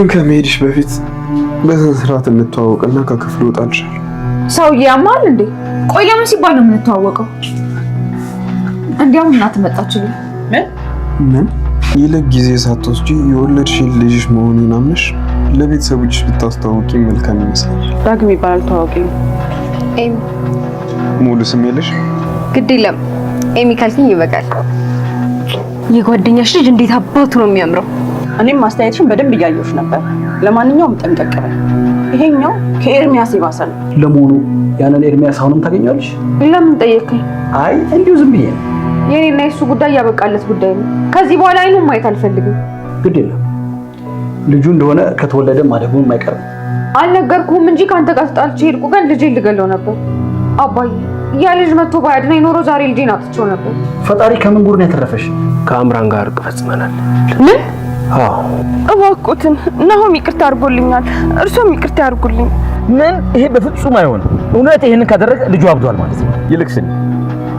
ግን ከመሄድሽ በፊት በስነ ስርዓት እንተዋወቅና ከክፍሉ እወጣልሻለሁ። ሰውዬ ያማል እንዴ? ቆይ ለምን ሲባል ነው የምንተዋወቀው? እንዲያውም እናት መጣችልኝ። ምን ምን? ይልቅ ጊዜ ሳትወስጂ የወለድሽን ልጅሽ መሆኑን አምነሽ ለቤተሰቦችሽ ብታስተዋውቂ መልካም ይመስላል። ዳግም ይባላል። ተዋወቂ። ኤሚ። ሙሉ ስም የለሽ? ግድ የለም ኤሚ ይበቃል። የጓደኛሽ ልጅ እንዴት አባቱ ነው የሚያምረው! እኔም አስተያየትሽን በደንብ እያየሁሽ ነበር። ለማንኛውም ጠንቀቅ በይ። ይሄኛው ከኤርሚያስ የባሰ ነው። ለመሆኑ ያንን ኤርሚያስ አሁንም ታገኛለሽ? ለምን ጠየቅኝ? አይ እንዲሁ ዝም ብዬ ነው። የእኔና የእሱ ጉዳይ ያበቃለት ጉዳይ ነው። ከዚህ በኋላ አይኑን ማየት አልፈልግም። ግድ የለም ልጁ እንደሆነ ከተወለደ ማደጉ አይቀርም። አልነገርኩህም እንጂ ከአንተ ጋር ተጣልቼ ሄድኩ፣ ግን ልጄን ልገለው ነበር። አባዬ ያ ልጅ መጥቶ ባያድነኝ ኖሮ ዛሬ ልጄን አጥቼው ነበር። ፈጣሪ ከምን ጉድ ነው ያተረፈሽ? ከአምራን ጋር እርቅ ፈጽመናል። ምን እባክዎትን ናሆም ይቅርታ አድርጎልኛል፣ እርሶም ይቅርታ ያድርጉልኝ። ምን? ይሄ በፍጹም አይሆንም። እውነት ይህንን ካደረገ ልጁ አብዷል ማለት ነው። ይልቅስኝ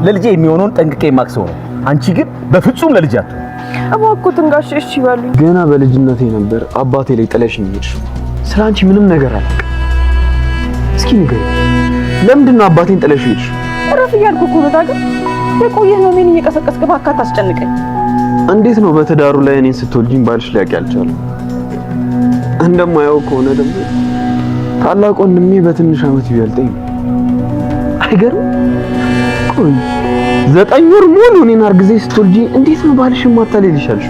ለልጄ የሚሆነውን ጠንቅቄ የማቅ ነው። አንቺ ግን በፍጹም ለልጅ አትሆ እባክዎትን ጋሽ እሺ ይበሉኝ። ገና በልጅነቴ ነበር አባቴ ላይ ጥለሽኝ የሄድሽው። ስለ አንቺ ምንም ነገር አላውቅም። እስኪ ንገሪኝ፣ ለምንድን አባቴን ጥለሽኝ የሄድሽው? እረፍ እያልኩ እኮ ነው። ዳግም የቆየ ህመሜን እየቀሰቀስክ እባክህ አታስጨንቀኝ። እንዴት ነው በትዳሩ ላይ እኔን ስትወልጂኝ ባልሽ ሊያውቅ ያልቻለ? እንደማያውቅ ከሆነ ደግሞ ታላቅ ወንድሜ በትንሽ ዓመት ይበልጠኝ። አይገርም? ቆይ ዘጠኝ ወር ሙሉ እኔን አርግዘሽ ስትወልጂኝ እንዴት ነው ባልሽ ማታለል ይሻልሽ?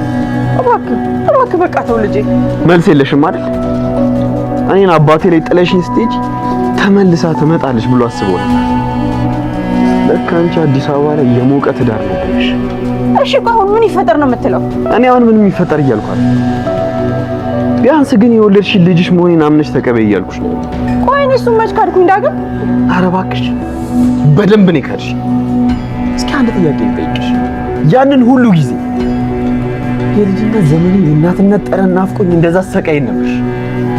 እባክህ እባክህ፣ በቃ ተው ልጄ። መልስ የለሽም አይደል? እኔን አባቴ ላይ ጥለሽኝ ስትሄጂ ተመልሳ ትመጣለች ብሎ አስበው ለካ አንቺ አዲስ አበባ ላይ የሞቀ ትዳር ነው። እሺ እኮ አሁን ምን ይፈጠር ነው የምትለው? እኔ አሁን ምንም ይፈጠር እያልኳል። ቢያንስ ግን የወለድሽ ልጅሽ መሆኔን አምነሽ ተቀበይ እያልኩሽ ነው። ቆይ እኔ እሱን መች ካድኩኝ ዳግም? ኧረ እባክሽ በደንብ ነው የካድሽ። እስኪ አንድ ጥያቄ ልጠይቅሽ። ያንን ሁሉ ጊዜ የልጅነት ዘመኔ የእናትነት ጠረን ናፍቆኝ እንደዛ ሰቃይ ነበርሽ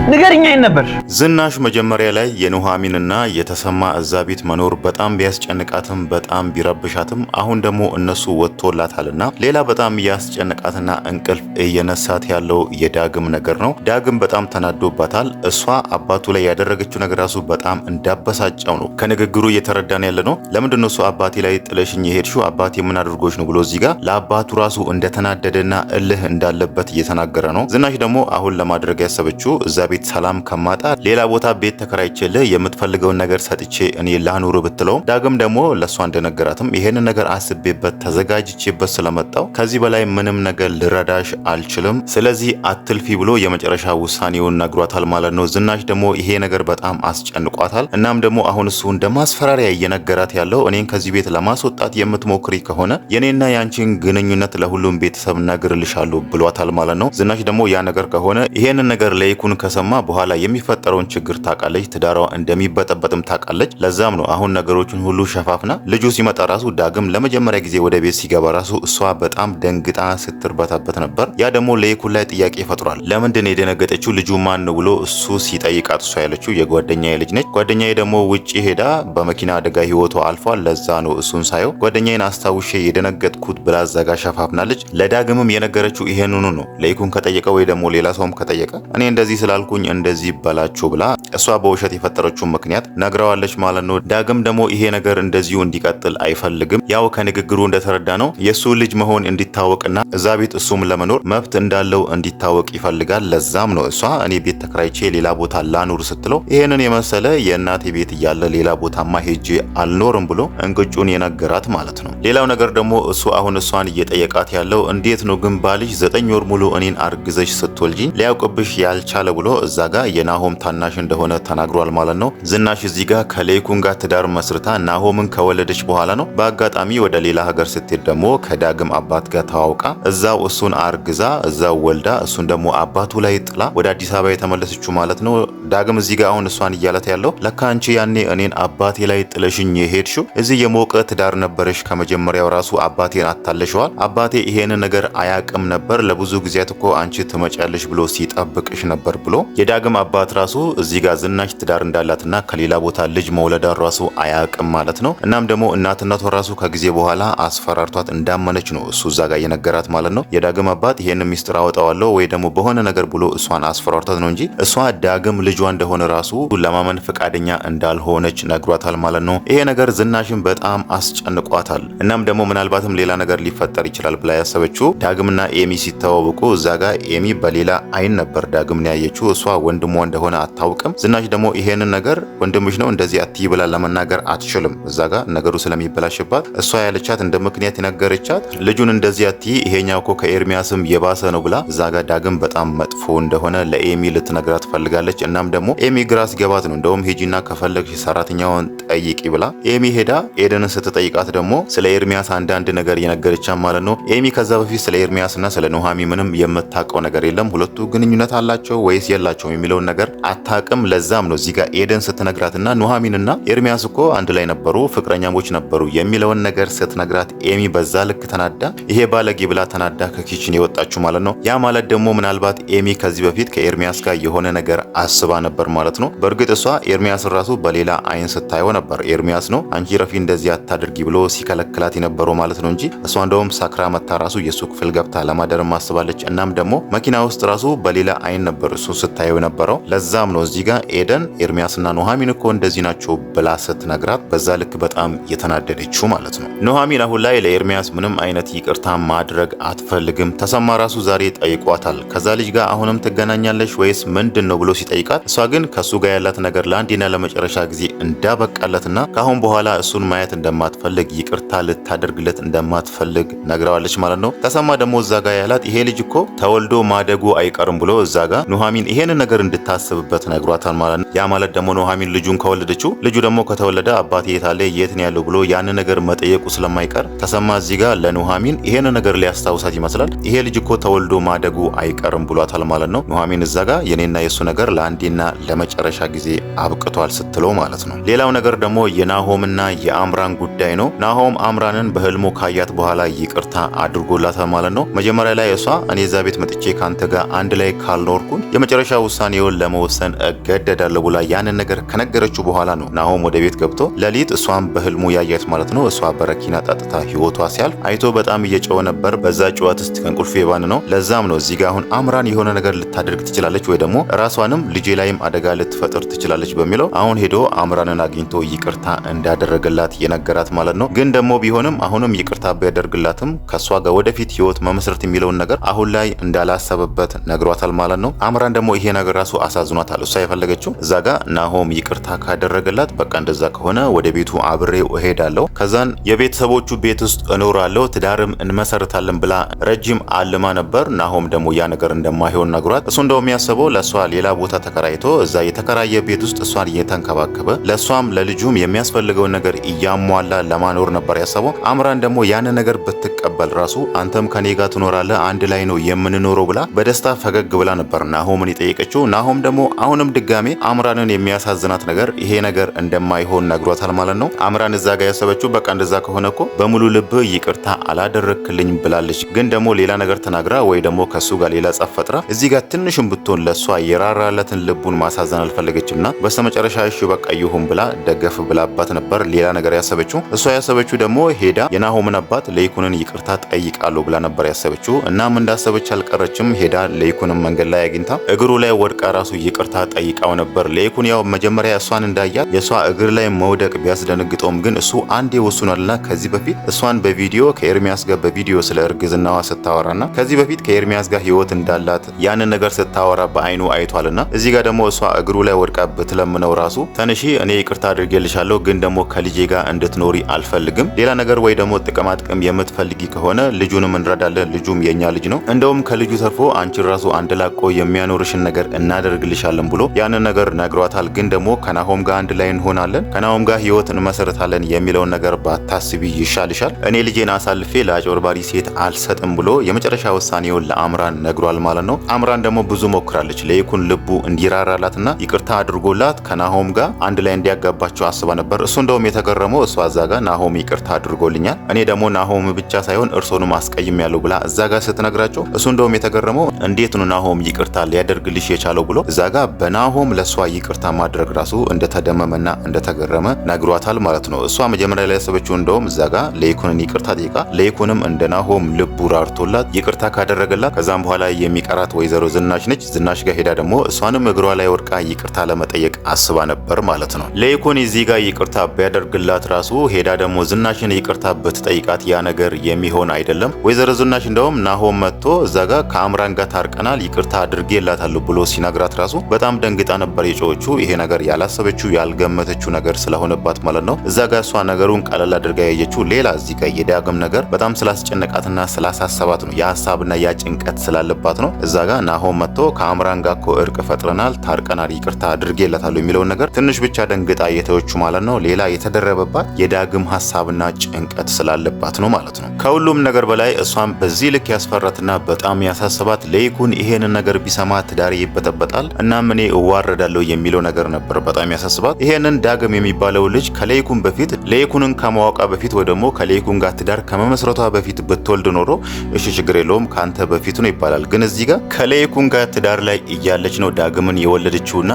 ንገርኛ ነበር። ዝናሽ መጀመሪያ ላይ የኑሐሚንና የተሰማ እዛ ቤት መኖር በጣም ቢያስጨንቃትም በጣም ቢረብሻትም አሁን ደግሞ እነሱ ወጥቶላታልና ሌላ በጣም እያስጨንቃትና እንቅልፍ እየነሳት ያለው የዳግም ነገር ነው። ዳግም በጣም ተናዶባታል። እሷ አባቱ ላይ ያደረገችው ነገር ራሱ በጣም እንዳበሳጨው ነው ከንግግሩ እየተረዳን ያለ ነው። ለምንድን ነው እሱ አባቴ ላይ ጥለሽኝ የሄድሽው አባቴ ምን አድርጎች ነው ብሎ እዚህ ጋር ለአባቱ ራሱ እንደተናደደና እልህ እንዳለበት እየተናገረ ነው። ዝናሽ ደግሞ አሁን ለማድረግ ያሰበችው እዛ ቤት ሰላም ከማጣ ሌላ ቦታ ቤት ተከራይቼልህ የምትፈልገውን ነገር ሰጥቼ እኔ ላኑር ብትለውም ዳግም ደግሞ ለእሷ እንደነገራትም ይሄንን ነገር አስቤበት ተዘጋጅቼበት ስለመጣው ከዚህ በላይ ምንም ነገር ልረዳሽ አልችልም፣ ስለዚህ አትልፊ ብሎ የመጨረሻ ውሳኔውን ነግሯታል ማለት ነው። ዝናሽ ደግሞ ይሄ ነገር በጣም አስጨንቋታል። እናም ደግሞ አሁን እሱ እንደ ማስፈራሪያ እየነገራት ያለው እኔን ከዚህ ቤት ለማስወጣት የምትሞክሪ ከሆነ የኔና የአንቺን ግንኙነት ለሁሉም ቤተሰብ ነግርልሻሉ ብሏታል ማለት ነው። ዝናሽ ደግሞ ያ ነገር ከሆነ ይሄንን ነገር ለይኩን ከሰ ከተሰማ በኋላ የሚፈጠረውን ችግር ታውቃለች። ትዳሯ እንደሚበጠበጥም ታውቃለች። ለዛም ነው አሁን ነገሮችን ሁሉ ሸፋፍና ልጁ ሲመጣ ራሱ ዳግም ለመጀመሪያ ጊዜ ወደ ቤት ሲገባ ራሱ እሷ በጣም ደንግጣ ስትርበታበት ነበር። ያ ደግሞ ለይኩን ላይ ጥያቄ ፈጥሯል። ለምንድን የደነገጠችው ልጁ ማን ነው ብሎ እሱ ሲጠይቃት እሷ ያለችው የጓደኛዬ ልጅ ነች። ጓደኛዬ ደግሞ ውጪ ሄዳ በመኪና አደጋ ህይወቱ አልፏል። ለዛ ነው እሱን ሳየው ጓደኛዬን አስታውሼ የደነገጥኩት ብላ ዘጋ ሸፋፍናለች። ለዳግምም የነገረችው ይሄንኑ ነው። ለይኩን ከጠየቀ ወይ ደግሞ ሌላ ሰውም ከጠየቀ እኔ እንደዚህ ስላልኩ አልኩኝ እንደዚህ ይበላችሁ ብላ እሷ በውሸት የፈጠረችውን ምክንያት ነግረዋለች ማለት ነው። ዳግም ደግሞ ይሄ ነገር እንደዚሁ እንዲቀጥል አይፈልግም። ያው ከንግግሩ እንደተረዳ ነው የእሱ ልጅ መሆን እንዲታወቅና እዛ ቤት እሱም ለመኖር መብት እንዳለው እንዲታወቅ ይፈልጋል። ለዛም ነው እሷ እኔ ቤት ተከራይቼ ሌላ ቦታ ላኑር ስትለው ይህንን የመሰለ የእናቴ ቤት እያለ ሌላ ቦታማ ሄጄ አልኖርም ብሎ እንቅጩን የነገራት ማለት ነው። ሌላው ነገር ደግሞ እሱ አሁን እሷን እየጠየቃት ያለው እንዴት ነው ግን ባልሽ ዘጠኝ ወር ሙሉ እኔን አርግዘሽ ስትወልጂ ሊያውቅብሽ ያልቻለ ብሎ እዛ ጋር የናሆም ታናሽ እንደሆነ ተናግሯል ማለት ነው። ዝናሽ እዚህ ጋር ከሌይኩን ጋር ትዳር መስርታ ናሆምን ከወለደች በኋላ ነው በአጋጣሚ ወደ ሌላ ሀገር ስትሄድ ደግሞ ከዳግም አባት ጋር ተዋውቃ እዛው እሱን አርግዛ እዛው ወልዳ እሱን ደግሞ አባቱ ላይ ጥላ ወደ አዲስ አበባ የተመለሰችው ማለት ነው። ዳግም እዚህ ጋር አሁን እሷን እያለት ያለው ለካ አንቺ ያኔ እኔን አባቴ ላይ ጥለሽኝ የሄድሽው እዚህ የሞቀ ትዳር ነበረሽ። ከመጀመሪያው ራሱ አባቴን አታለሸዋል። አባቴ ይሄን ነገር አያቅም ነበር ለብዙ ጊዜያት እኮ አንቺ ትመጫለሽ ብሎ ሲጠብቅሽ ነበር ብሎ የዳግም አባት ራሱ እዚህ ጋር ዝናሽ ትዳር እንዳላትና ከሌላ ቦታ ልጅ መውለዳ ራሱ አያቅም ማለት ነው። እናም ደግሞ እናትነቷ ራሱ ከጊዜ በኋላ አስፈራርቷት እንዳመነች ነው እሱ እዛ ጋር የነገራት ማለት ነው። የዳግም አባት ይሄን ሚስጥር አወጣዋለሁ ወይ ደግሞ በሆነ ነገር ብሎ እሷን አስፈራርቷት ነው እንጂ እሷ ዳግም ልጇ እንደሆነ ራሱ ለማመን ፈቃደኛ እንዳልሆነች ነግሯታል ማለት ነው። ይሄ ነገር ዝናሽን በጣም አስጨንቋታል። እናም ደግሞ ምናልባትም ሌላ ነገር ሊፈጠር ይችላል ብላ ያሰበችው ዳግምና ኤሚ ሲተዋወቁ እዛ ጋር ኤሚ በሌላ አይን ነበር ዳግምን ያየችው እሷ ወንድሟ እንደሆነ አታውቅም። ዝናሽ ደግሞ ይሄንን ነገር ወንድምሽ ነው እንደዚህ አትይ ብላ ለመናገር አትችልም። እዛ ጋር ነገሩ ስለሚበላሽባት እሷ ያለቻት እንደ ምክንያት የነገረቻት ልጁን እንደዚህ አትይ ይሄኛው እኮ ከኤርሚያስም የባሰ ነው ብላ እዛ ጋር ዳግም በጣም መጥፎ እንደሆነ ለኤሚ ልትነግራት ፈልጋለች። እናም ደግሞ ኤሚ ግራ ሲገባት ነው እንደውም ሂጂና ከፈለግሽ ሰራተኛውን ጠይቂ ብላ ኤሚ ሄዳ ኤደንን ስትጠይቃት ደግሞ ስለ ኤርሚያስ አንዳንድ ነገር የነገረቻ ማለት ነው። ኤሚ ከዛ በፊት ስለ ኤርሚያስና ስለ ኑሃሚ ምንም የምታውቀው ነገር የለም። ሁለቱ ግንኙነት አላቸው ወይስ የላ የላቸውም የሚለውን ነገር አታቅም። ለዛም ነው እዚህ ጋር ኤደን ስትነግራትና ኑሐሚንና ኤርሚያስ እኮ አንድ ላይ ነበሩ፣ ፍቅረኛሞች ነበሩ የሚለውን ነገር ስትነግራት ኤሚ በዛ ልክ ተናዳ ይሄ ባለጌ ብላ ተናዳ ከኪችን የወጣችሁ ማለት ነው። ያ ማለት ደግሞ ምናልባት ኤሚ ከዚህ በፊት ከኤርሚያስ ጋር የሆነ ነገር አስባ ነበር ማለት ነው። በእርግጥ እሷ ኤርሚያስን ራሱ በሌላ አይን ስታየው ነበር። ኤርሚያስ ነው አንቺ ረፊ እንደዚህ አታድርጊ ብሎ ሲከለክላት የነበረው ማለት ነው እንጂ እሷ እንደውም ሳክራ መታ ራሱ የእሱ ክፍል ገብታ ለማደር ማስባለች። እናም ደግሞ መኪና ውስጥ ራሱ በሌላ አይን ነበር እሱ ስታ ስታየው የነበረው። ለዛም ነው እዚህ ጋር ኤደን ኤርሚያስና ኑሐሚን እኮ እንደዚህ ናቸው ብላ ስትነግራት በዛ ልክ በጣም የተናደደችው ማለት ነው። ኑሐሚን አሁን ላይ ለኤርሚያስ ምንም አይነት ይቅርታ ማድረግ አትፈልግም። ተሰማ ራሱ ዛሬ ጠይቋታል። ከዛ ልጅ ጋር አሁንም ትገናኛለች ወይስ ምንድን ነው ብሎ ሲጠይቃት እሷ ግን ከሱ ጋር ያላት ነገር ለአንዴና ለመጨረሻ ጊዜ እንዳበቃለትና ከአሁን በኋላ እሱን ማየት እንደማትፈልግ ይቅርታ ልታደርግለት እንደማትፈልግ ነግረዋለች ማለት ነው። ተሰማ ደግሞ እዛ ጋር ያላት ይሄ ልጅ እኮ ተወልዶ ማደጉ አይቀርም ብሎ እዛ ጋር ኑሐሚን ይሄን ይህንን ነገር እንድታስብበት ነግሯታል ማለት ነው። ያ ማለት ደግሞ ኑሐሚን ልጁን ከወለደችው ልጁ ደግሞ ከተወለደ አባቴ የታለ የት ነው ያለው ብሎ ያን ነገር መጠየቁ ስለማይቀር ተሰማ እዚህ ጋር ለኑሐሚን ይሄን ነገር ሊያስታውሳት ይመስላል። ይሄ ልጅ እኮ ተወልዶ ማደጉ አይቀርም ብሏታል ማለት ነው። ኑሐሚን እዛ ጋር የኔና የእሱ ነገር ለአንዴና ለመጨረሻ ጊዜ አብቅቷል ስትለው ማለት ነው። ሌላው ነገር ደግሞ የናሆምና የአምራን ጉዳይ ነው። ናሆም አምራንን በህልሙ ካያት በኋላ ይቅርታ አድርጎላታል ማለት ነው። መጀመሪያ ላይ እሷ እኔ እዛ ቤት መጥቼ ከአንተ ጋር አንድ ላይ ካልኖርኩኝ የመጨረሻ የመጨረሻ ውሳኔውን ለመወሰን እገደዳለሁ ብላ ያንን ነገር ከነገረችው በኋላ ነው ናሆም ወደ ቤት ገብቶ ለሊት እሷን በህልሙ ያያት ማለት ነው። እሷ በረኪና ጠጥታ ህይወቷ ሲያልፍ አይቶ በጣም እየጨወ ነበር። በዛ ጨዋት ውስጥ ከእንቅልፉ የባን ነው። ለዛም ነው እዚህ ጋር አሁን አምራን የሆነ ነገር ልታደርግ ትችላለች ወይ ደግሞ ራሷንም ልጄ ላይም አደጋ ልትፈጥር ትችላለች በሚለው አሁን ሄዶ አምራንን አግኝቶ ይቅርታ እንዳደረገላት የነገራት ማለት ነው። ግን ደግሞ ቢሆንም አሁንም ይቅርታ ቢያደርግላትም ከእሷ ጋር ወደፊት ህይወት መመስረት የሚለውን ነገር አሁን ላይ እንዳላሰበበት ነግሯታል ማለት ነው። አምራን ደግሞ ይሄ ነገር ራሱ አሳዝኗታል። እሷ የፈለገችው እዛ ጋ ናሆም ይቅርታ ካደረገላት በቃ እንደዛ ከሆነ ወደ ቤቱ አብሬ እሄዳለሁ፣ ከዛን የቤተሰቦቹ ቤት ውስጥ እኖራለሁ፣ ትዳርም እንመሰርታለን ብላ ረጅም አልማ ነበር። ናሆም ደግሞ ያ ነገር እንደማይሆን ነግሯት እሱ እንደው የሚያስበው ለእሷ ሌላ ቦታ ተከራይቶ እዛ የተከራየ ቤት ውስጥ እሷን እየተንከባከበ ለእሷም ለልጁም የሚያስፈልገውን ነገር እያሟላ ለማኖር ነበር ያሰበው። አምራን ደግሞ ያን ነገር ብትቀበል ራሱ አንተም ከኔ ጋር ትኖራለህ፣ አንድ ላይ ነው የምንኖረው ብላ በደስታ ፈገግ ብላ ነበር ናሆምን ጠየቀችው። ናሆም ደግሞ አሁንም ድጋሜ አምራንን የሚያሳዝናት ነገር ይሄ ነገር እንደማይሆን ነግሯታል ማለት ነው። አምራን እዛ ጋር ያሰበችው በቃ እንደዛ ከሆነ እኮ በሙሉ ልብ ይቅርታ አላደረክልኝ ብላለች። ግን ደግሞ ሌላ ነገር ተናግራ ወይ ደግሞ ከሱ ጋር ሌላ ጸፍ ፈጥራ እዚህ ጋር ትንሽም ብትሆን ለእሷ የራራለትን ልቡን ማሳዘን አልፈለገችም ና በስተ መጨረሻ እሺ በቃ ይሁን ብላ ደገፍ ብላባት ነበር። ሌላ ነገር ያሰበችው እሷ ያሰበችው ደግሞ ሄዳ የናሆምን አባት ለይኩንን ይቅርታ ጠይቃለሁ ብላ ነበር ያሰበችው። እናም እንዳሰበች አልቀረችም። ሄዳ ለይኩንን መንገድ ላይ አግኝታ እግሩ ላይ ወድቃ ራሱ ይቅርታ ጠይቃው ነበር። ለይኩን ያው መጀመሪያ እሷን እንዳያት የእሷ እግር ላይ መውደቅ ቢያስደነግጠውም ግን እሱ አንዴ ወስኗልና ከዚህ በፊት እሷን በቪዲዮ ከኤርሚያስ ጋር በቪዲዮ ስለ እርግዝናዋ ስታወራና ከዚህ በፊት ከኤርሚያስ ጋር ህይወት እንዳላት ያንን ነገር ስታወራ በአይኑ አይቷልና እዚህ ጋር ደግሞ እሷ እግሩ ላይ ወድቃ ብትለምነው ራሱ ተንሺ እኔ ይቅርታ አድርጌልሻለሁ፣ ግን ደግሞ ከልጄ ጋር እንድትኖሪ አልፈልግም። ሌላ ነገር ወይ ደግሞ ጥቅማጥቅም የምትፈልጊ ከሆነ ልጁንም እንረዳለን፣ ልጁም የኛ ልጅ ነው። እንደውም ከልጁ ተርፎ አንቺን ራሱ አንድ ላቆ የሚያኖርሽን ነገር እናደርግልሻለን ብሎ ያንን ነገር ነግሯታል። ግን ደግሞ ከናሆም ጋር አንድ ላይ እንሆናለን፣ ከናሆም ጋር ህይወት እንመሰረታለን የሚለውን ነገር ባታስቢ ይሻልሻል፣ እኔ ልጄን አሳልፌ ለአጭበርባሪ ሴት አልሰጥም ብሎ የመጨረሻ ውሳኔውን ለአምራን ነግሯል ማለት ነው። አምራን ደግሞ ብዙ ሞክራለች፣ ለይኩን ልቡ እንዲራራላትና ይቅርታ አድርጎላት ከናሆም ጋር አንድ ላይ እንዲያጋባቸው አስባ ነበር። እሱ እንደውም የተገረመው እሷ እዛ ጋር ናሆም ይቅርታ አድርጎልኛል፣ እኔ ደግሞ ናሆም ብቻ ሳይሆን እርሶንም አስቀይም ያለው ብላ እዛ ጋር ስትነግራቸው እሱ እንደውም የተገረመው እንዴት ነው ናሆም ይቅርታ ሊያደርግልኝ ሊልሽ የቻለው ብሎ እዛ ጋር በናሆም ለእሷ ይቅርታ ማድረግ ራሱ እንደተደመመና እንደተገረመ ነግሯታል ማለት ነው። እሷ መጀመሪያ ላይ ያሰበችው እንደውም እዛ ጋ ለይኩንን ይቅርታ ጠይቃ ለይኩንም እንደ ናሆም ልቡ ራርቶላት ይቅርታ ካደረገላት ከዛም በኋላ የሚቀራት ወይዘሮ ዝናሽ ነች። ዝናሽ ጋር ሄዳ ደግሞ እሷንም እግሯ ላይ ወድቃ ይቅርታ ለመጠየቅ አስባ ነበር ማለት ነው። ለይኩን እዚህ ጋር ይቅርታ ቢያደርግላት ራሱ ሄዳ ደግሞ ዝናሽን ይቅርታ ብትጠይቃት ያ ነገር የሚሆን አይደለም። ወይዘሮ ዝናሽ እንደውም ናሆም መጥቶ እዛ ጋር ከአምራን ጋር ታርቀናል ይቅርታ አድርጌላታለሁ ብሎ ሲነግራት ራሱ በጣም ደንግጣ ነበር የጮዎቹ። ይሄ ነገር ያላሰበችው ያልገመተችው ነገር ስለሆነባት ማለት ነው። እዛ ጋ እሷ ነገሩን ቀለል አድርጋ ያየችው ሌላ እዚህ ጋር የዳግም ነገር በጣም ስላስጨነቃትና ስላሳሰባት ነው። የሀሳብና ያ ጭንቀት ስላለባት ነው። እዛ ጋ ናሆም መጥቶ ከአምራን ጋር እኮ እርቅ ፈጥረናል፣ ታርቀናል፣ ይቅርታ አድርጌለታሉ የሚለውን ነገር ትንሽ ብቻ ደንግጣ የተወቹ ማለት ነው። ሌላ የተደረበባት የዳግም ሀሳብና ጭንቀት ስላለባት ነው ማለት ነው። ከሁሉም ነገር በላይ እሷም በዚህ ልክ ያስፈራትና በጣም ያሳሰባት ለይኩን ይሄንን ነገር ቢሰማ ትዳር ይበጠበጣል፣ እናም እኔ እዋረዳለሁ የሚለው ነገር ነበር በጣም ያሳስባት። ይሄንን ዳግም የሚባለው ልጅ ከሌይኩን በፊት ሌይኩንን ከማወቃ በፊት ወይ ደግሞ ከሌይኩን ጋር ትዳር ከመመስረቷ በፊት ብትወልድ ኖሮ እሺ ችግር የለውም ከአንተ በፊት ነው ይባላል። ግን እዚህ ጋር ከሌይኩን ጋር ትዳር ላይ እያለች ነው ዳግምን የወለደችውና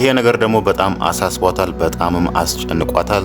ይሄ ነገር ደግሞ በጣም አሳስቧታል፣ በጣምም አስጨንቋታል።